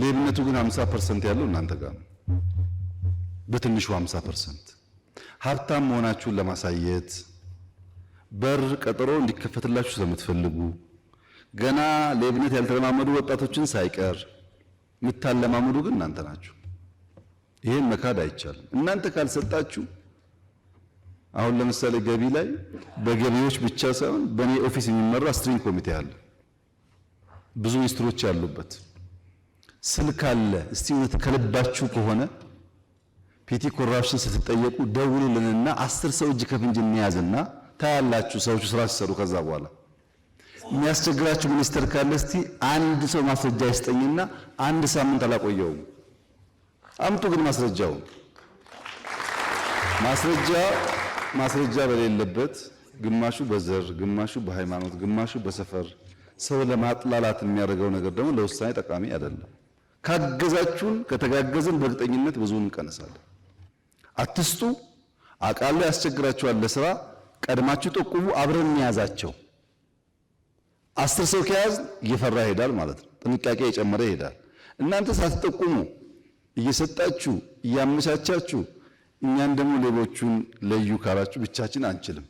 ሌብነቱ ግን 50 ፐርሰንት ያለው እናንተ ጋር ነው። በትንሹ 50 ፐርሰንት ሀብታም መሆናችሁን ለማሳየት በር ቀጠሮ እንዲከፈትላችሁ ስለምትፈልጉ ገና ሌብነት ያልተለማመዱ ወጣቶችን ሳይቀር የምታለማመዱ ግን እናንተ ናችሁ። ይሄን መካድ አይቻልም። እናንተ ካልሰጣችሁ አሁን ለምሳሌ ገቢ ላይ በገቢዎች ብቻ ሳይሆን በእኔ ኦፊስ የሚመራ ስትሪንግ ኮሚቴ አለ ብዙ ሚኒስትሮች ያሉበት ስልክ አለ። እስቲ እውነት ከልባችሁ ከሆነ ፒቲ ኮራፕሽን ስትጠየቁ ደውሉልንና አስር ሰው እጅ ከፍንጅ እንያዝና ታያላችሁ ሰዎቹ ስራ ሲሰሩ። ከዛ በኋላ የሚያስቸግራችሁ ሚኒስተር ካለ እስቲ አንድ ሰው ማስረጃ ይስጠኝና አንድ ሳምንት አላቆየውም። አምጡ ግን ማስረጃውን ማስረጃ ማስረጃ በሌለበት ግማሹ በዘር ግማሹ በሃይማኖት ግማሹ በሰፈር ሰው ለማጥላላት የሚያደርገው ነገር ደግሞ ለውሳኔ ጠቃሚ አይደለም። ካገዛችሁን ከተጋገዝን በእርግጠኝነት ብዙውን እንቀነሳለን። አትስጡ፣ አውቃለሁ ያስቸግራችኋል። ለስራ ቀድማችሁ ጠቁሙ። አብረን ያዛቸው አስር ሰው ከያዝ እየፈራ ይሄዳል ማለት ነው። ጥንቃቄ እየጨመረ ይሄዳል። እናንተ ሳትጠቁሙ እየሰጣችሁ እያመቻቻችሁ እኛን ደግሞ ሌሎቹን ለዩ ካላችሁ ብቻችን አንችልም።